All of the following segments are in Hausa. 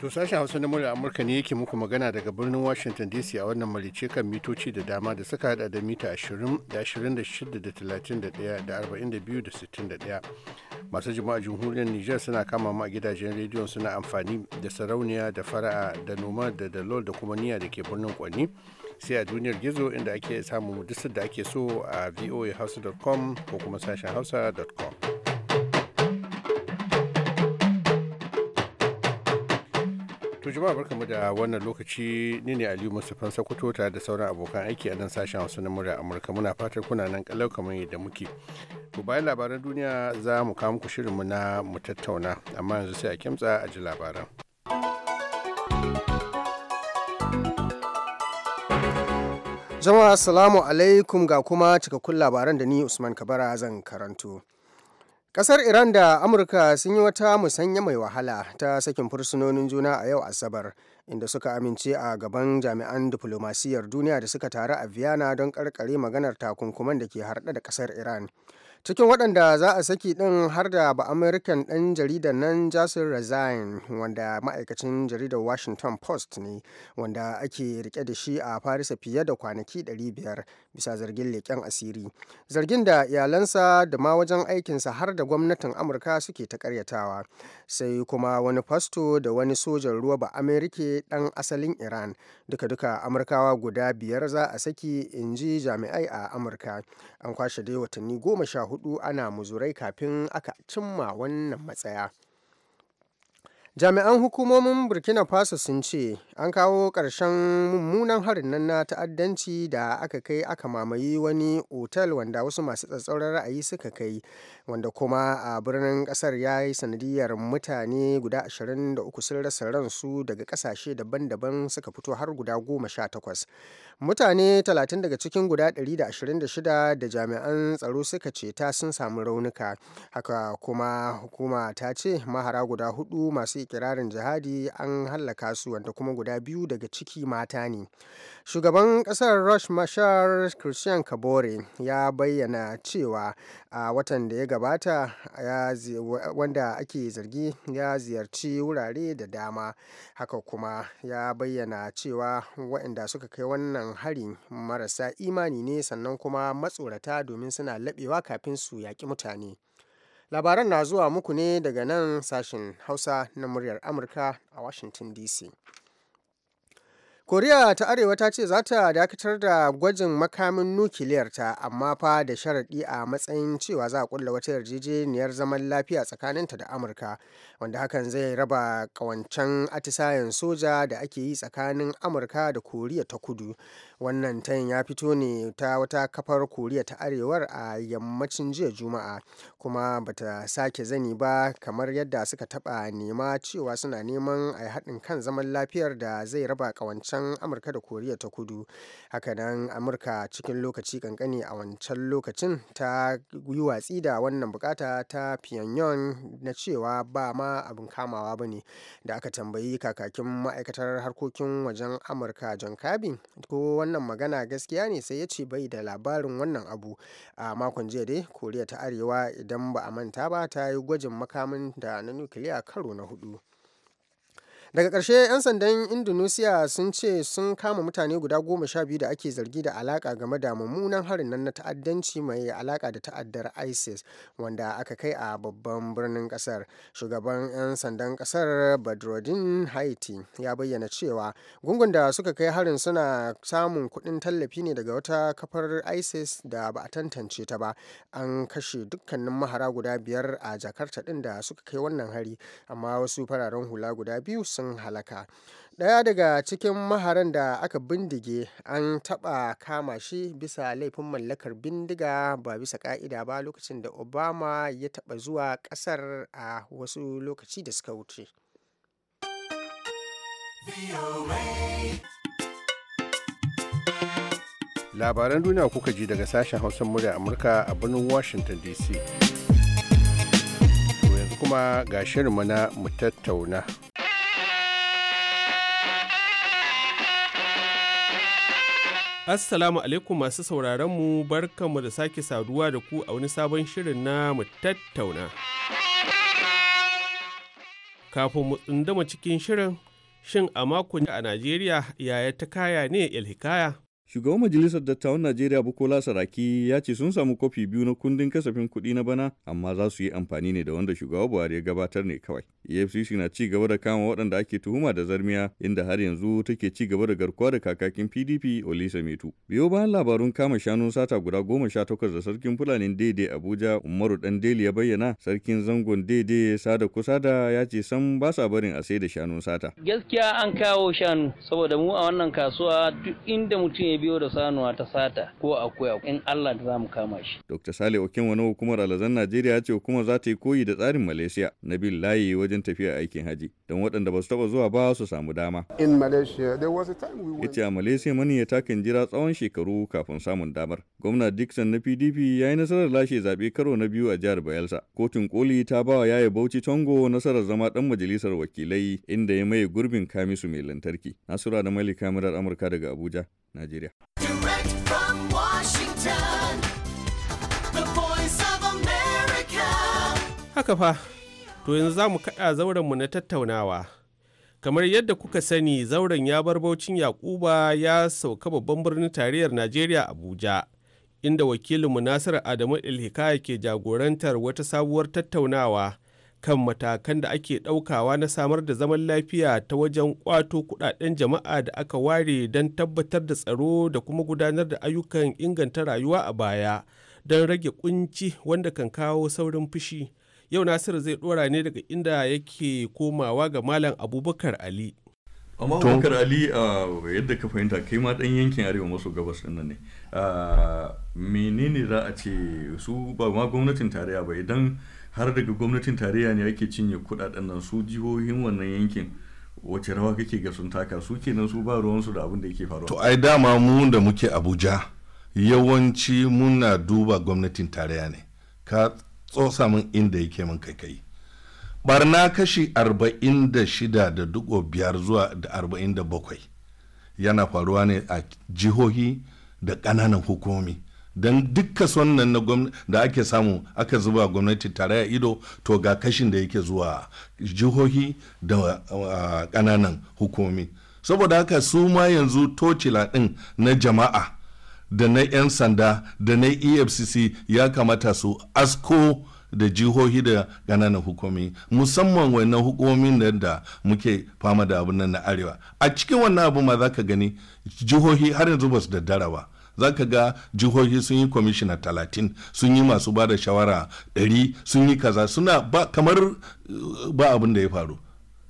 To sashen Hausa na murya Amurka ne yake muku magana daga birnin Washington DC a wannan malice kan mitoci da dama da suka hada da mita 20 da 26 da 31 da 42 da 61. Masu jima'a jamhuriyar Nijar suna kama ma gidajen rediyon suna amfani da sarauniya da fara'a da noma da dalol da kuma niyya da ke birnin kwani sai a duniyar gizo inda ake samun duk da ake so a voahouse.com ko kuma sashen hausa.com. To jama'a mu da wannan lokaci ni ne Aliyu Mustapha Sokoto tare da sauran abokan aiki a nan sashen wasu na murya Amurka muna fatar kuna nan kalau kamar yadda muke. To bayan labaran duniya za mu kawo muku shirinmu na mu tattauna amma yanzu sai a kimtsa a ji labaran. Jama'a assalamu alaikum ga kuma cikakkun labaran da ni Usman Kabara zan karanto. Kasar Iran da Amurka sun yi wata musanya mai wahala ta sakin fursunonin juna a yau Asabar, inda suka amince a gaban jami'an diflomasiyyar duniya da suka taru a Vienna don karkare maganar takunkuman da ke harɗe da kasar Iran. cikin waɗanda za a saki ɗin har da ba american ɗan jaridar nan jasir razine wanda ma'aikacin jaridar washington post ne wanda ake rike da shi a farisa fiye da kwanaki 500 bisa zargin leƙen asiri zargin da iyalansa da ma wajen aikinsa har da gwamnatin amurka suke ta karyatawa sai kuma wani fasto da wani sojan ruwa ba amerika ɗan asalin iran duka-duka amurkawa guda biyar za a saki in ji jami'ai a amurka an kwashe dai watanni goma sha hudu ana muzurai kafin aka cimma wannan matsaya. jami'an hukumomin burkina faso sun ce an kawo ƙarshen mummunan harin nan na ta'addanci da aka kai aka mamaye wani otal wanda wasu masu tsatsauran ra'ayi suka kai wanda kuma a birnin ƙasar ya yi sanadiyar mutane guda 23 sun rasa ransu daga kasashe daban-daban suka fito har guda 18 mutane 30 daga cikin guda 126 da jami'an tsaro suka ce ta sun samu raunuka haka kuma hukuma ta ce mahara guda hudu masu kirarin jihadi an hallaka su wanda kuma guda biyu daga ciki mata ne shugaban kasar rush mashar christian kabore ya bayyana cewa a watan da ya gabata wanda ake zargi ya ziyarci wurare da dama haka kuma ya bayyana cewa waɗanda suka kai wannan hari marasa imani ne sannan kuma matsorata domin suna laɓewa kafin su yaƙi mutane labaran na zuwa muku ne daga nan sashen hausa na muryar amurka a washington dc koriya ta arewa ta ce za ta dakatar da gwajin makamin nukiliyar ta amma fa da sharaɗi a matsayin cewa za a kulla wata yarjejeniyar zaman lafiya tsakaninta da amurka wanda hakan zai raba kawancen atisayen soja da ake yi tsakanin amurka da koriya ta kudu wannan tayin ya fito ne ta wata kafar koriya ta arewar a yammacin jiya juma'a kuma bata sake zani ba kamar yadda suka taba nema cewa suna neman a haɗin kan zaman lafiyar da zai raba ƙawancen amurka da koriya ta kudu hakanan amurka cikin lokaci kankani a wancan lokacin ta yi watsi da wannan bukata ta pyongyang na cewa ba ma abin kamawa ba ne da aka tambayi kakakin ma'aikatar harkokin wajen amurka john ko wannan wannan magana gaskiya ne sai ya ce bai da labarin wannan abu a makon jiya dai koriya ta arewa idan ba a manta ba ta yi gwajin makamin da na nukiliya karo na hudu daga ƙarshe 'yan sandan indonesia sun ce sun kama mutane guda goma sha biyu da ake zargi da alaka game da mummunan harin nan na ta'addanci mai alaka da ta'addar isis wanda aka kai a babban birnin ƙasar shugaban 'yan sandan ƙasar badrodin haiti ya bayyana cewa gungun da suka kai harin suna samun kuɗin tallafi ne daga wata kafar isis da ba a tantance ta ba an kashe dukkanin mahara guda biyar a jakarta ɗin da suka kai wannan hari amma wasu fararen hula guda biyu sun sun halaka ɗaya daga cikin maharan da aka bindige an taba kama shi bisa laifin mallakar bindiga ba bisa ka'ida ba lokacin da obama ya taba zuwa kasar a wasu lokaci da suka wuce labaran duniya kuka ji daga sashen hausan murya amurka a birnin washington dc yanzu kuma ga shirinmu na mu tattauna Assalamu alaikum masu sauraron mu barkanmu da sake saduwa da ku a wani sabon shirin na mu tattauna. Kafin mu tsundama cikin shirin, shin a makon a Najeriya yaya ta kaya ne ilhikaya? Shugaban Majalisar Dattawan Najeriya Bukola Saraki ya ce sun samu kofi biyu na kundin kasafin kuɗi na bana amma za su yi amfani ne da wanda shugaba Buhari ya gabatar ne kawai. EFCC na ci gaba da kama waɗanda ake tuhuma da zarmiya inda har yanzu take ci gaba da garkuwa da kakakin PDP Olisa Metu. Biyo bayan labarun kama shanun sata guda goma sha takwas da sarkin Fulanin Dede Abuja Umaru Dan Deli ya bayyana sarkin zangon Dede Sada Kusada ya ce san ba sa barin a sai da shanun sata. Gaskiya an kawo shanu saboda mu a wannan kasuwa duk inda mutum biyo da sanuwa ta sata ko akuya in Allah da za mu kama shi. Dr. Sale Okin wani hukumar alazan Najeriya ce kuma za ta yi koyi da tsarin Malaysia na bin layi wajen tafiya aikin haji don waɗanda ba su taɓa zuwa ba su samu dama. In Malaysia there was a time we went. Ita Malaysia ya kan jira tsawon shekaru kafin samun damar. Gwamna Dixon na PDP ya yi nasarar lashe zaɓe karo na biyu a jihar Bayelsa. Kotun koli ta ba wa yaya Bauchi Tongo nasarar zama ɗan majalisar wakilai inda ya maye gurbin kamisu mai lantarki. Nasura da Malika kamarar Amurka daga Abuja, Najeriya. america Haka fa, to yanzu za mu kaɗa zaurenmu na tattaunawa. Kamar yadda kuka sani zauren ya bar Baucin Yakuba ya sauka babban birnin tarayyar Najeriya Abuja, inda wakilinmu Nasiru Adamu Ilhikaya ke jagorantar wata sabuwar tattaunawa kan matakan da ake ɗaukawa na samar da zaman lafiya ta wajen kwato kudaden jama'a da aka ware don tabbatar da tsaro da kuma gudanar da ayyukan inganta rayuwa a baya don rage kunci wanda kan kawo saurin fushi yau nasiru zai ɗora ne daga inda yake komawa ga malam abubakar ali amma abubakar ali yadda ka fahimta kai ma dan yankin arewa maso gabas ɗin nan ne menene za a ce su ba ma gwamnatin tarayya ba idan har daga gwamnatin tarayya ne ake cinye kudaden nan su jihohin wannan yankin wace rawa kake ga sun taka su kenan su ba ruwansu da abin da yake faruwa to ai dama mu da muke abuja yawanci muna duba gwamnatin tarayya ne ka tsosa min inda yake min kai kai barna kashi 46.5 da zuwa da 47 yana faruwa ne a jihohi da ƙananan hukumomi don dukkan kasuwan nan na da ake samu aka zuba gwamnati tare a ido to ga kashin da yake zuwa jihohi da ƙananan hukumomi saboda haka su ma yanzu tocila ɗin na jama'a da na 'yan sanda da na efcc ya kamata su asko da jihohi da kananan hukumi musamman wannan hukumomin da muke fama da abin nan na arewa a cikin wannan abu ma za ka gani jihohi har yanzu ba su daddara ba za ka ga jihohi sun yi kwamishina talatin sun yi masu ba da shawara ɗari sun yi kaza suna ba kamar uh, ba abin da ya faru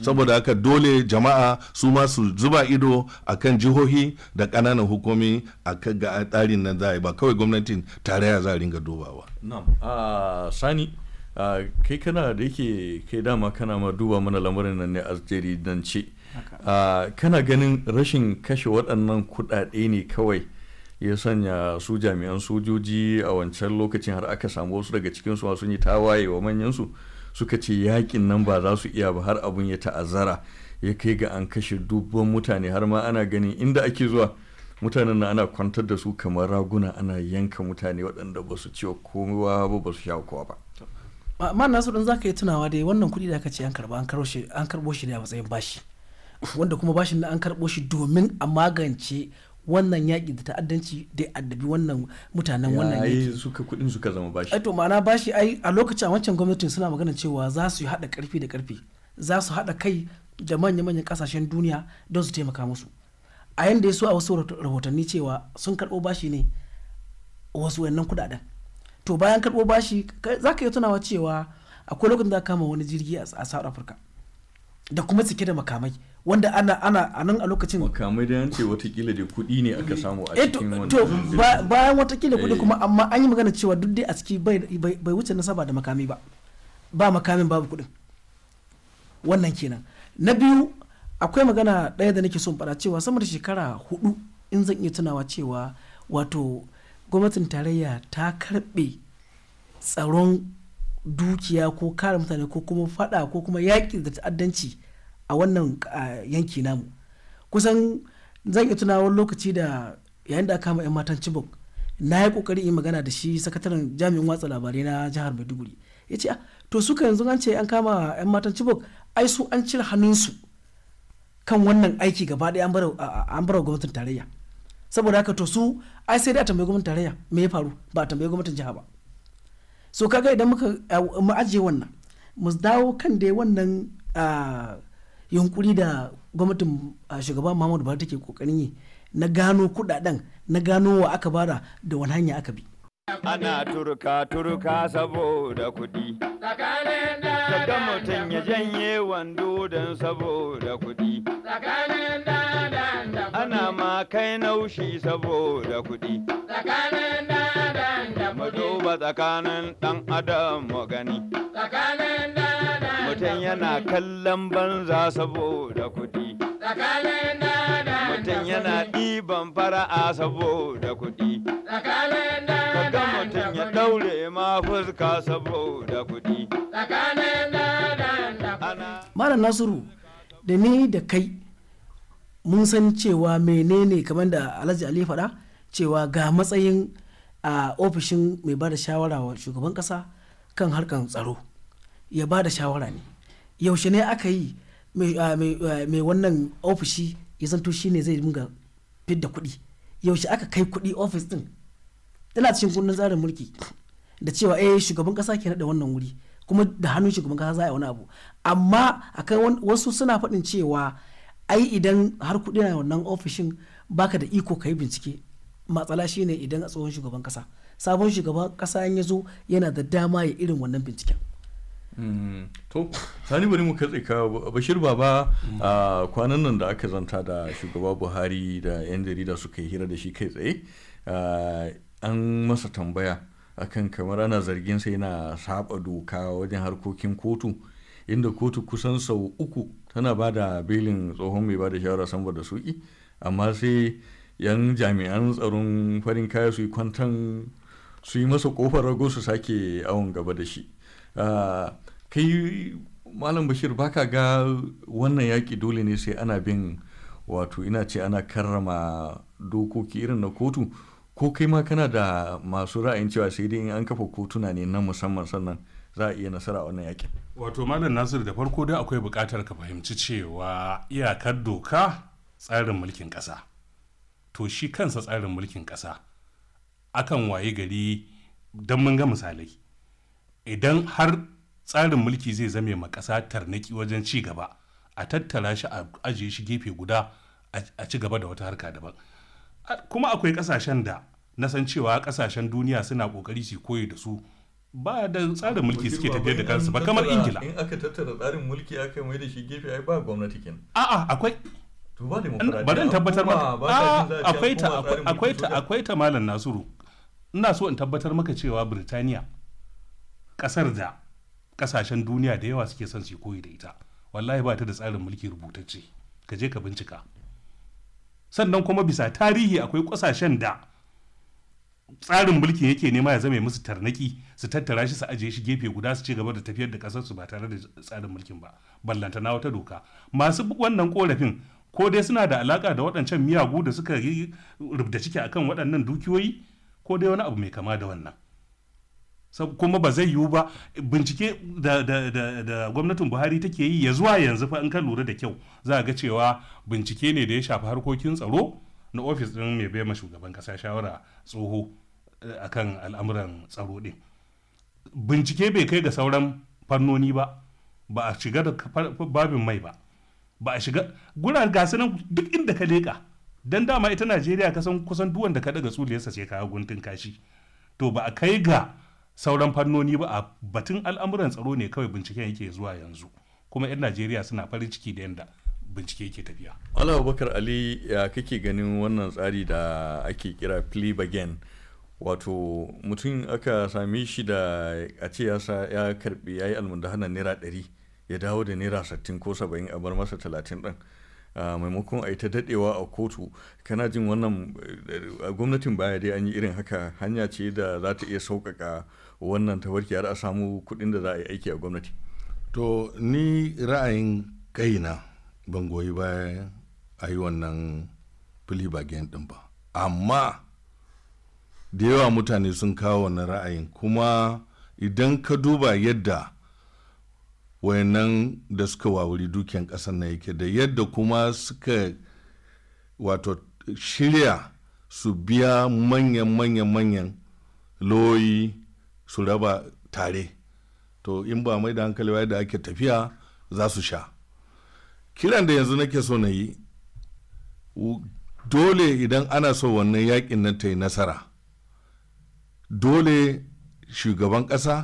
saboda haka dole jama'a su masu zuba ido a kan jihohi da ƙananan hukumi a kan ga tsarin nan za a yi ba kawai gwamnatin tarayya za a ringa dubawa. Ah, sani ah, kai kana da yake kai dama kana ma duba mana lamarin nan ne a jaridance ah, kana ganin rashin kashe waɗannan kuɗaɗe ne kawai ya sanya su jami'an sojoji a wancan lokacin har aka samu wasu daga cikin su sun yi tawaye wa manyansu suka ce yakin nan ba za su iya ba har abun ya ta'azzara ya kai ga an kashe dubban mutane har ma ana ganin inda ake zuwa mutanen na ana kwantar da su kamar raguna ana yanka mutane waɗanda ba su ciwa kowa ba ba su sha kowa ba amma nasu za zaka yi tunawa dai wannan kuɗi da aka ce an karba an karbo shi an a matsayin bashi wanda kuma bashin da an karbo shi domin a magance wannan yaƙi da ta'addanci da addabi wannan mutanen wannan yaƙi suka kuɗin suka zama bashi to ma'ana bashi ai a lokacin a wancan gwamnatin suna magana cewa za su yi haɗa ƙarfi da ƙarfi za su haɗa kai da manya-manyan ƙasashen duniya don su taimaka musu a yanda ya so a wasu rahotanni cewa sun karɓo bashi ne wasu wannan kuɗaɗen to bayan karɓo bashi za ka yi tunawa cewa akwai lokacin da kama wani jirgi a south africa da kuma cike da makamai wanda ana ana a nan a lokacin makamai da yance watakila da kuɗi ne aka samu a eh, cikin wannan to bayan watakila kuɗi eh. kuma amma an yi magana cewa duk dai a ciki bai wuce nasaba da makami ba ba makamin babu kuɗin wannan kenan na biyu akwai magana ɗaya da nake son faɗa cewa sama da shekara hudu in zan iya tunawa cewa wato gwamnatin tarayya ta karɓe tsaron dukiya ko kare mutane ko kuma faɗa ko kuma yaƙi da ta'addanci a wannan yanki namu kusan zan iya tunawa lokaci da yayin da aka kama 'yan matan chibok na yi kokari in magana da shi sakataren jami'in watsa labarai na jihar maiduguri ya ce ah, to suka yanzu an ce an kama 'yan matan chibok ai su an cire hannunsu kan wannan aiki gaba ɗaya an bar gwamnatin tarayya saboda haka to su ai sai dai a tambayi gwamnatin tarayya me ya faru ba a tambayi gwamnatin jiha ba so kaga idan muka mu ajiye wannan mu dawo kan dai wannan yunkuri da gwamnatin ah, shugaba muhammadu buhari take kokarin yi na gano kudaden na gano wa aka bara da wani hanya aka bi ana turka turka saboda kudi daga mutum ya janye wando don saboda kudi ana ma kai naushi saboda kudi mu tsakanin dan adam mu gani yana kallon banza saboda kuɗi. Mutum yana ɗiban fara'a saboda kuɗi. Kaga mutum ya ɗaure ma fuska saboda kuɗi. Malam Nasiru da ni da kai mun san cewa menene kamar da Alhaji Ali faɗa cewa ga matsayin a ofishin mai ba da shawara wa shugaban ƙasa kan harkan tsaro ya ba da shawara ne. yaushe ne aka yi ah, ah, mai wannan ofishi ya zanto shi ne zai dinga fidda kuɗi yaushe aka kai kuɗi ofis din tana cikin kundin tsarin mulki da cewa eh shugaban kasa ke naɗa wannan wuri kuma da hannun shugaban kasa za a yi wani abu amma akan wasu suna faɗin cewa ai idan har kuɗi na wannan ofishin baka da iko ka yi bincike matsala shine idan a tsohon shugaban kasa sabon shugaban kasa ya zo yana da dama ya irin wannan binciken Mm-hmm. to sani bari mu katse ka bashir baba mm-hmm. a ah, kwanan nan da aka zanta da shugaba buhari da yan jarida suka yi hira da shi kai tsaye ah, an masa tambaya akan kamar ana zargin sai na saba doka wajen harkokin kotu inda kotu kusan sau uku tana ba da belin tsohon mai ba da shawara samba da suki amma sai yan jami'an tsaron farin kaya su yi kwantan su yi masa kofar rago su sake awon gaba da shi kai malam bashir baka ga wannan yaƙi dole ne sai ana bin wato ina ce ana karrama dokoki irin na kotu ko kai ma kana da masu ra'ayin cewa sai dai in an kafa kotuna ne na musamman sannan za a iya nasara a wannan yaƙin. wato malam nasir da farko dai akwai buƙatar ka fahimci cewa iyakar doka tsarin mulkin ƙasa to shi kansa tsarin mulkin ƙasa akan waye gari don mun ga misalai idan har tsarin mulki zai zame ma ƙasa tarnaki wajen ci gaba a tattara shi a ajiye shi gefe guda a ci gaba da wata harka daban kuma akwai ƙasashen da na san cewa ƙasashen duniya suna ƙoƙari su koyi da su ba da tsarin mulki suke tafiyar da kansu ba kamar ingila in aka tattara tsarin mulki aka mai da shi gefe ai ba gwamnati kin a'a akwai ba dan tabbatar ba akwai ta akwai ta akwai ta malam nasiru ina so in tabbatar maka cewa burtaniya ƙasar da ƙasashen duniya da yawa suke son su yi koyi da ita wallahi ba ta da tsarin mulki rubutacce ka je ka bincika sannan kuma bisa tarihi akwai ƙasashen da tsarin mulkin yake nema ya zama musu tarnaki su tattara shi su ajiye shi gefe guda su ci gaba da tafiyar da kasar su ba tare da tsarin mulkin ba ballanta na wata doka masu wannan korafin ko dai suna da alaka da waɗancan miyagu da suka yi rubda ciki akan waɗannan dukiyoyi ko dai wani abu mai kama da wannan kuma ba zai yiwu ba bincike da, gwamnatin buhari take yi ya zuwa yanzu fa in ka lura da kyau za a ga cewa bincike ne da ya shafi harkokin tsaro na ofis ɗin mai bai ma shugaban kasa shawara tsoho eh, akan al'amuran tsaro din. bincike bai kai ga sauran fannoni ba ba a shiga da babin mai ba ba a shiga gura gasu nan duk inda ka leƙa dan dama ita najeriya kasan kusan duwan da ka daga tsuliyarsa sai ka guntun kashi to ba a kai ga sauran fannoni ba a batun al'amuran tsaro ne kawai binciken yake zuwa yanzu kuma 'yan najeriya suna farin ciki da yadda bincike yake tafiya ala abubakar ali ya kake ganin wannan tsari da ake kira plea wato mutum aka same shi da a ce ya karbi ya yi almundahanar naira 100 ya dawo da naira sattin ko saba'in a bar masa talatin din maimakon a yi ta dadewa a kotu kana jin wannan eh, gwamnatin baya dai an yi irin haka hanya ce da za ta iya sauƙaƙa wannan tafarki har a samu kuɗin da za a yi aiki a gwamnati to ni ra'ayin kaina ban goyi baya a yi wannan fili bagen ɗin ba amma da yawa mutane sun kawo wannan ra'ayin kuma idan ka duba yadda wayannan da suka wawuri dukiyan ƙasar na yake da yadda kuma suka wato shirya su biya manyan manyan manyan loyi su raba tare to in ba mai da hankali ba da ake tafiya za su sha kiran da yanzu nake so na yi dole idan ana so wannan yakin nan ta yi nasara dole shugaban ƙasa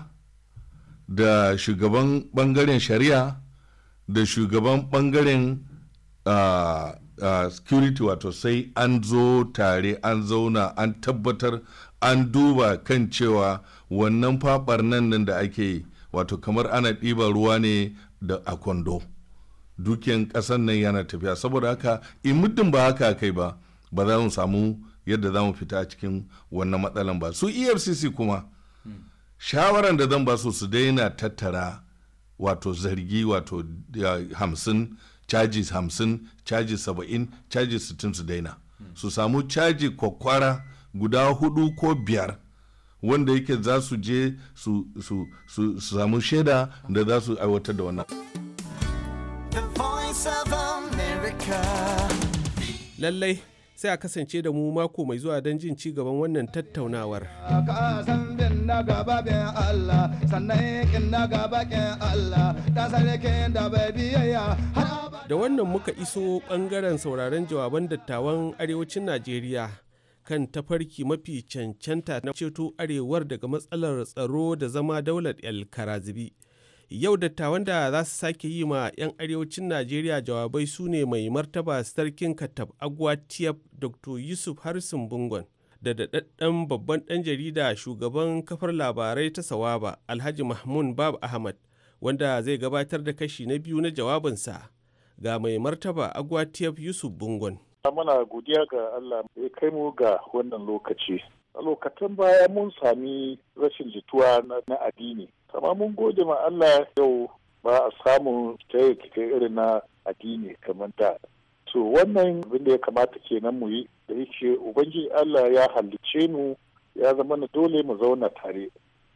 da shugaban ɓangaren shari'a da shugaban ɓangaren uh, uh, security wato sai an zo tare an zauna an tabbatar an duba kan cewa wannan fabar nan nan da ake yi wato kamar ana ɗiba ruwa ne da a kwando dukiyan ƙasan nan yana tafiya saboda haka in muddin ba haka kai ba ba za mu samu yadda za mu fita a cikin wannan matsalan ba su efcc kuma shawaran da zan ba su su daina tattara wato zargi wato hamsin caji hamsin caji saba'in caji sittin su daina su samu caji kwakwara guda hudu ko biyar wanda yake za su je su samu shaida da za su aiwatar da wannan lallai sai a kasance da mu mako mai zuwa don jin ci gaban wannan tattaunawar da wannan muka iso bangaren sauraron jawaban dattawan arewacin najeriya kan tafarki mafi cancanta na ceto arewar daga matsalar tsaro da zama daular el karazibi yau dattawan da za su sake yi ma 'yan arewacin najeriya jawabai su ne mai martaba sarkin katab agwa tiyaf dr yusuf harrison bungon da daɗaɗɗen babban ɗan jarida shugaban kafar labarai ta sawaba alhaji mahmud bab ahmad wanda zai gabatar da kashi na biyu na jawabinsa ga mai martaba agwa tiyaf yusuf bungon muna godiya ga Allah ya kai mu ga wannan lokaci. A lokacin baya mun sami rashin jituwa na addini. kama mun gode ma Allah yau ba a samun rikice irin na addini kamar da. So wannan abin da ya kamata kenan mu yi da yake Ubangiji Allah ya halicce mu ya zama na dole mu zauna tare.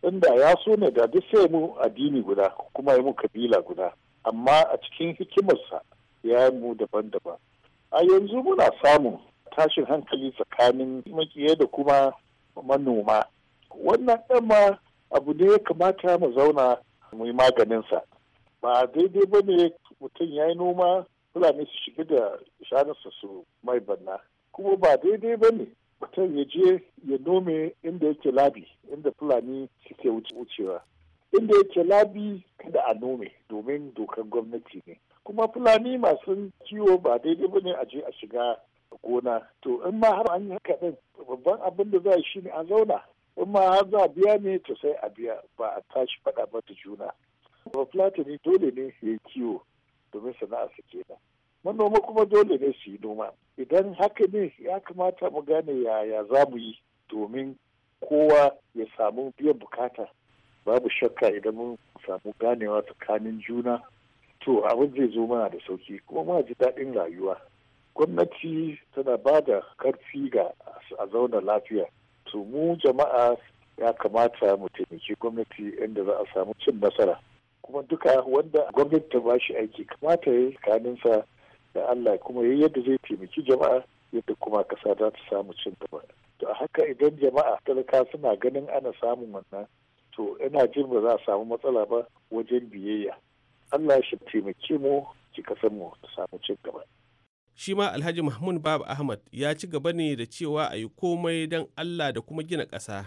Inda ya so ne da duk sai mu addini guda kuma ya mu kabila guda. Amma a cikin hikimarsa ya mu daban-daban. a yanzu muna samun tashin hankali tsakanin makiye da kuma manoma wannan ɗan ma abu ne ya kamata mu zauna mu yi maganinsa ba daidai ba ne mutum ya yi noma fulani su shiga da shanarsa su mai banna kuma ba daidai ba ne mutum ya je ya nome inda yake labi inda fulani suke wucewa inda yake labi kada a nome domin dokar gwamnati ne kuma fulani masu kiwo ba daidai ba ne a je a shiga gona to in ma har an yi haka din babban abin da za a shi ne a zauna in ma har za a biya ne to sai a biya ba a tashi faɗa ba da juna ba ne dole ne ya yi kiwo domin sana'a su kenan manoma kuma dole ne su yi noma idan haka ne ya kamata mu gane yaya za mu yi domin kowa ya samu biyan bukata babu shakka idan mun samu ganewa tsakanin juna to abin zai zo mana da sauki kuma muna ji daɗin rayuwa gwamnati tana ba da karfi ga a zauna lafiya to mu jama'a ya kamata mu taimaki gwamnati inda za a samu cin nasara kuma duka wanda gwamnati ta bashi aiki kamata ya yi kaninsa da Allah kuma ya yadda zai taimaki jama'a yadda kuma kasa za ta samu cin gaba to a haka idan jama'a talaka suna ganin ana samun wannan to ina jin ba za a samu matsala ba wajen biyayya Allah shi taimake mu ci kasar mu ta samu ci gaba. Shi ma Alhaji Mahmud Baba Ahmad ya ci gaba ne da cewa a yi komai don Allah da kuma gina ƙasa.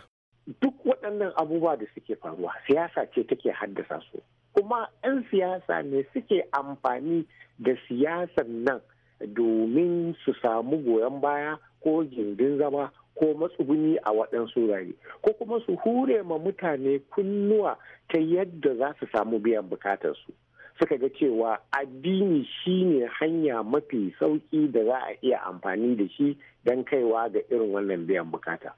Duk waɗannan abubuwa da suke faruwa siyasa ce take haddasa su. Kuma 'yan siyasa ne suke amfani da siyasan nan domin su samu goyon baya ko gindin zama ko matsuguni a waɗansu wurare ko kuma su hure ma mutane kunnuwa ta yadda za su samu biyan bukatarsu. suka ga cewa addini shine hanya mafi sauki da za a iya amfani da shi don kaiwa ga irin wannan biyan bukata.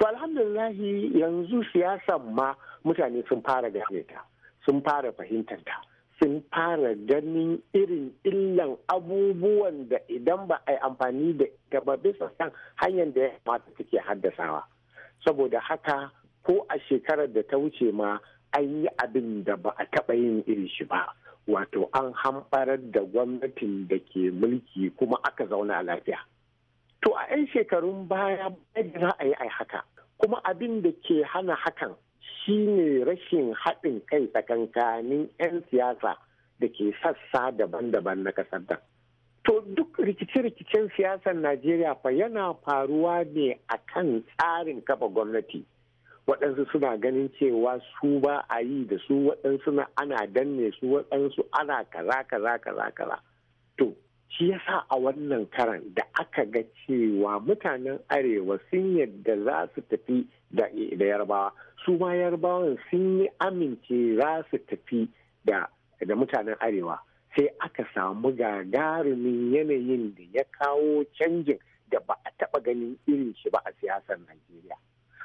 To alhamdulillahi yanzu siyasan ma mutane sun fara gane ta, sun fara fahimtar ta, sun fara ganin irin illan abubuwan da idan ba a yi amfani da ita ba bisa kan hanyar da ya kamata take haddasawa. Saboda haka ko a shekarar da ta wuce ma an yi abin da ba a taɓa yin irin shi ba. wato an hamɓarar da gwamnatin da ke mulki kuma aka zauna lafiya. To a 'yan shekarun baya bai za a yi ai haka, kuma abin da ke hana hakan shine rashin haɗin kai tsakankanin 'yan siyasa da ke sassa daban-daban na ƙasar da. To duk rikice-rikicen siyasar Najeriya fa yana faruwa ne a kan tsarin kafa gwamnati waɗansu suna ganin cewa su ba a yi da su waɗansu na ana danne su waɗansu ana kaza kaza kaza kaza to shi yasa a wannan karan da aka ga cewa mutanen arewa sun yadda za su tafi da yarbawa su ma yarbawan sun yi amince za su tafi da mutanen arewa sai aka samu gagarumin yanayin da ya kawo canjin da ba a taɓa ganin irin shi ba a siyasar najeriya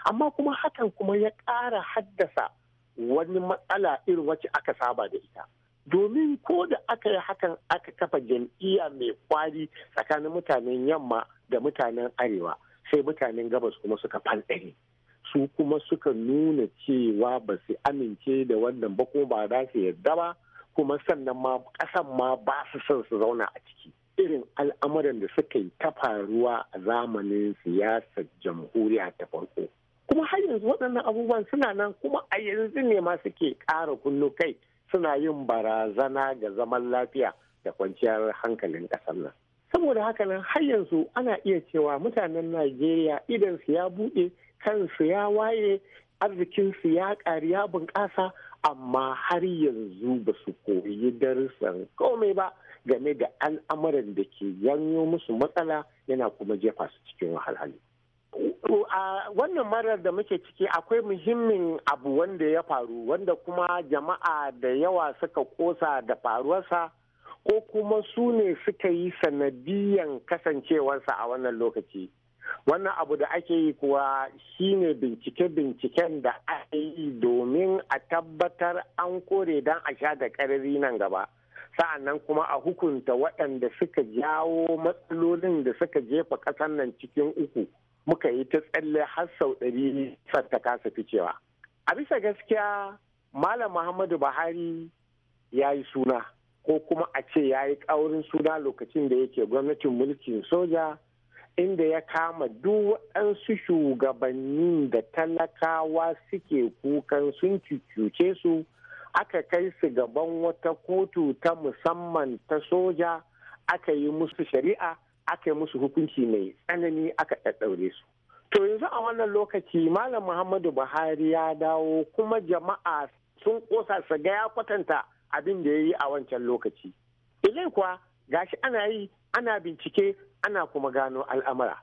amma kuma hakan kuma ya ƙara haddasa wani matsala irin wacce aka saba da ita domin ko da aka yi hakan aka kafa jam'iyya mai kwari tsakanin mutanen yamma da mutanen arewa sai mutanen gabas kuma suka fanɗari su kuma suka nuna cewa ba su amince da wannan ba kuma ba za su yarda ba kuma sannan ma ƙasan ma ba su son su zauna a ciki irin al'amuran da suka yi ta faruwa a zamanin siyasar jamhuriya ta farko kuma har yanzu waɗannan abubuwan suna nan kuma a yanzu ne ma suke ƙara kullu kai suna yin barazana ga zaman lafiya da kwanciyar hankalin ƙasar nan saboda haka nan har yanzu ana iya cewa mutanen najeriya idan su ya buɗe kansu ya waye arzikinsu ya ƙari ya bunƙasa amma har yanzu ba su koyi darussan komai ba game da al'amuran da ke janyo musu matsala yana kuma jefa su cikin wahalhali wannan marar da muke ciki akwai muhimmin abu wanda ya faru wanda kuma jama'a da yawa suka kosa da faruwarsa ko kuma su ne suka yi sanadiyan kasancewarsa a wannan lokaci wannan abu da ake yi kuwa shine bincike-binciken da ake yi domin a tabbatar an kore don a sha da karari nan gaba sa'annan kuma a hukunta waɗanda suka jawo matsalolin da suka jefa ƙasar nan cikin uku muka yi ta tsalle har sau ɗari ta kasa ficewa a bisa gaskiya malam muhammadu buhari ya yi suna ko kuma a ce ya yi ƙaurin suna lokacin da yake gwamnatin mulkin soja inda ya kama duk waɗansu shugabannin da talakawa suke kukan sun cuce su aka kai su gaban wata kotu ta musamman ta soja aka yi musu shari'a aka yi musu hukunci mai tsanani aka ɗaɗɗaure su to yanzu a wannan lokaci malam muhammadu buhari ya dawo kuma jama'a sun ƙosa sa ga ya kwatanta abin da ya yi a wancan lokaci ilai kuwa gashi ana yi ana bincike ana kuma gano al'amura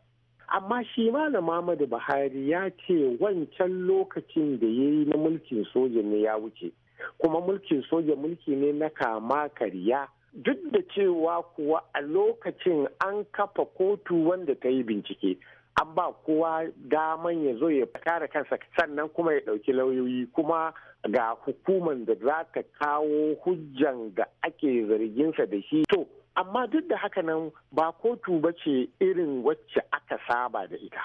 amma shi malam muhammadu buhari ya ce wancan lokacin da ya yi na mulkin soja ne ya wuce kuma mulkin soja mulki ne na kama karya duk da cewa kuwa a lokacin an kafa kotu wanda ta yi bincike an ba kowa daman ya zo ya kare kansa sannan kuma ya ɗauki lauyoyi kuma ga hukuman da za ta kawo hujjan da ake zarginsa da shi to amma duk da haka nan ba kotu ba ce irin wacce aka saba da ita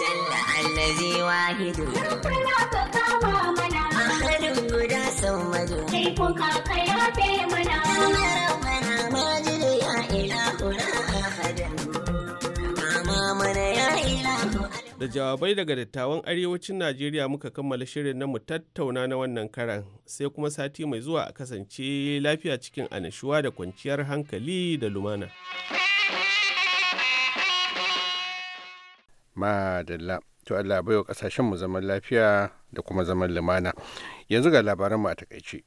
Jalla wahidu. Sai kuka mana. Mama mana ya ilahu. Da jawabai daga dattawan arewacin Najeriya muka kammala shirin na mu tattauna na wannan karan sai kuma sati mai zuwa a kasance lafiya cikin anashuwa da kwanciyar hankali da lumana. Madalla, to Allah baiwa kasashen mu zaman lafiya da kuma zaman lumana yanzu ga labaran a takaice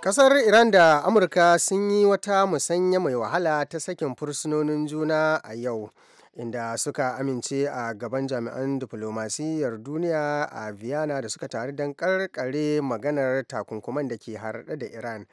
Kasar Iran da Amurka sun yi wata musanya mai wahala ta sakin fursunonin juna a yau, inda suka amince a gaban jami'an diflomasiyyar duniya a Vienna da suka taru don karkare maganar takunkuman da ke harɗe da Iran.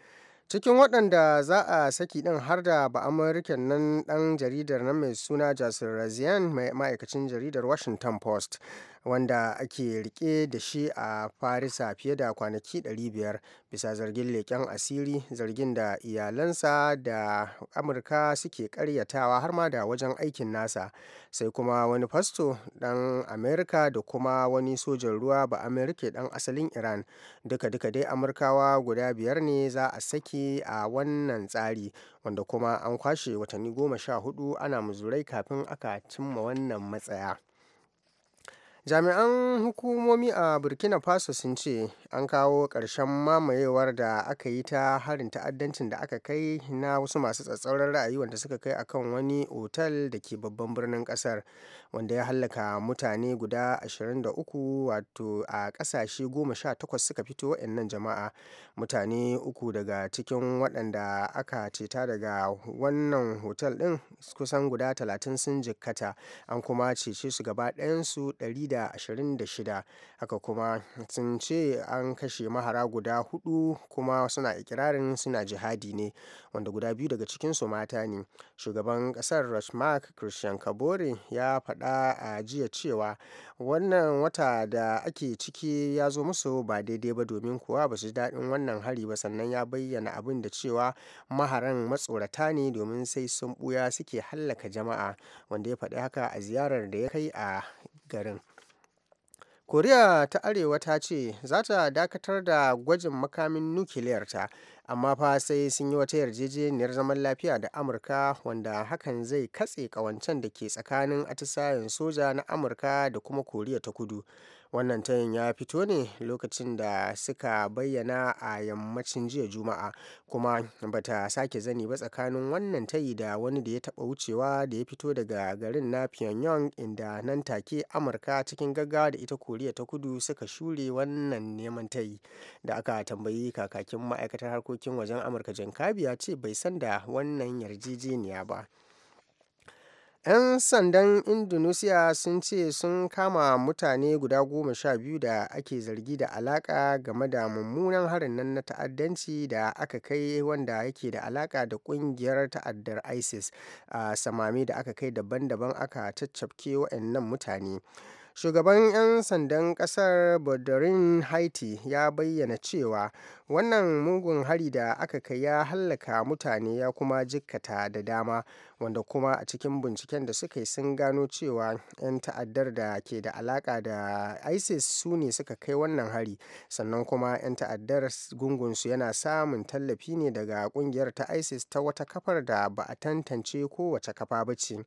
cikin waɗanda za a saki ɗin har da ba nan ɗan jaridar nan mai suna jasir razian ma'aikacin jaridar washington post wanda ake rike da shi a farisa fiye da kwanaki 500 bisa zargin leƙen asiri zargin da iyalansa da amurka suke karyatawa har ma da wajen aikin nasa sai kuma wani fasto dan amerika da kuma wani sojan ruwa ba amerika dan asalin iran duka-duka dai amurkawa guda biyar ne za a saki a wannan tsari wanda kuma an kwashe watanni goma sha hudu ana muzurai kafin aka cimma wannan matsaya. jami'an hukumomi a burkina faso sun ce an kawo ƙarshen mamayewar da aka yi ta harin ta'addancin da aka kai na wasu masu tsatsauran ra'ayi wanda suka kai akan wani otal da ke babban birnin ƙasar wanda ya hallaka mutane guda 23 wato a ƙasashe 18 suka fito waɗannan jama'a mutane uku daga cikin waɗanda aka ceta daga wannan hotel ɗin kusan guda 30 sun jikkata an kuma cece su gaba ɗayansu 126 haka kuma sun ce an kashe mahara guda hudu kuma suna ikirarin suna jihadi ne wanda guda biyu daga cikinsu mata ne shugaban ƙasar rashmark christian kabore ya faɗa faɗa a jiya cewa wannan wata da ake ciki ya zo musu ba daidai ba domin kuwa ba su ji daɗin wannan hari ba sannan ya bayyana abin da cewa maharan matsorata ne domin sai sun ɓuya suke hallaka jama'a wanda ya faɗi haka a ziyarar da ya kai a garin. koriya ta arewa ta ce za ta dakatar da gwajin makamin nukiliyarta amma fa sai sun yi wata yarjejeniyar zaman lafiya da amurka wanda hakan zai katse kawancen da ke tsakanin atisayen soja na amurka da kuma koriya ta kudu wannan tayin ya fito ne lokacin da suka bayyana a yammacin jiya juma'a kuma bata sake zani ba tsakanin wannan tayi da wani da ya taba wucewa da ya fito daga garin na pyongyang inda nan take amurka cikin gaggawa da ita koriya ta kudu suka shure wannan neman tayi da aka tambayi kakakin ma'aikatar harkokin wajen amurka jan ya ce bai san da wannan yarjejeniya ba ‘Yan sandan Indunusiya sun ce sun kama mutane guda goma sha biyu da ake zargi da alaƙa game da mummunan harin nan na ta'addanci da aka kai wanda yake da alaƙa da ƙungiyar ta'addar isis a samami da aka kai daban-daban aka caccabke nan mutane. shugaban 'yan sandan kasar bordering haiti ya bayyana cewa wannan mugun hari da aka kai ya hallaka mutane ya kuma jikkata da dama wanda kuma a cikin binciken da suka yi sun gano cewa 'yan ta'addar da ke da alaka da isis su ne suka kai wannan hari sannan kuma 'yan ta'addar gungunsu yana samun tallafi ne daga kungiyar ta isis ta wata kafar da ba a tantance kowace kafa ba ce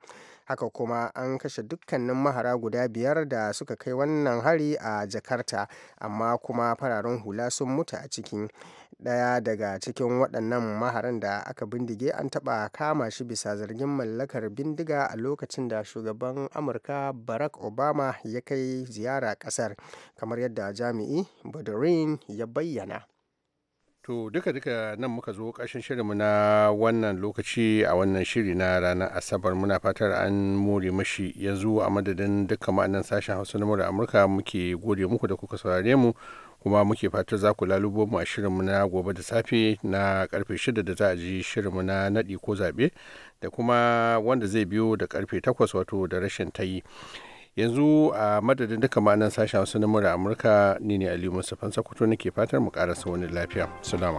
haka kuma an kashe dukkanin mahara guda biyar da da suka kai wannan hari a jakarta amma kuma fararen hula sun mutu a cikin daya daga cikin waɗannan maharan da aka bindige an taɓa kama shi bisa zargin mallakar bindiga a lokacin da shugaban amurka barack obama ya kai ziyara ƙasar kamar yadda jami'i badarin ya bayyana To duka-duka nan muka zo ƙarshen shirinmu na wannan lokaci a wannan shiri na ranar Asabar muna fatar an more mashi yanzu a madadin duka ma'anan sashen Hausa na Amurka muke gode muku da kuka saurare mu kuma muke fatar za ku lalubo mu a shirinmu na gobe da safe na karfe shida da za a ji shirinmu na naɗi ko zaɓe da kuma wanda zai biyo da karfe takwas wato da rashin tayi. yanzu a madadin duka ma'anan sashen wasu na mura amurka ni ne aliyu fansa kuto nake fatar mu karasa wani lafiya salamu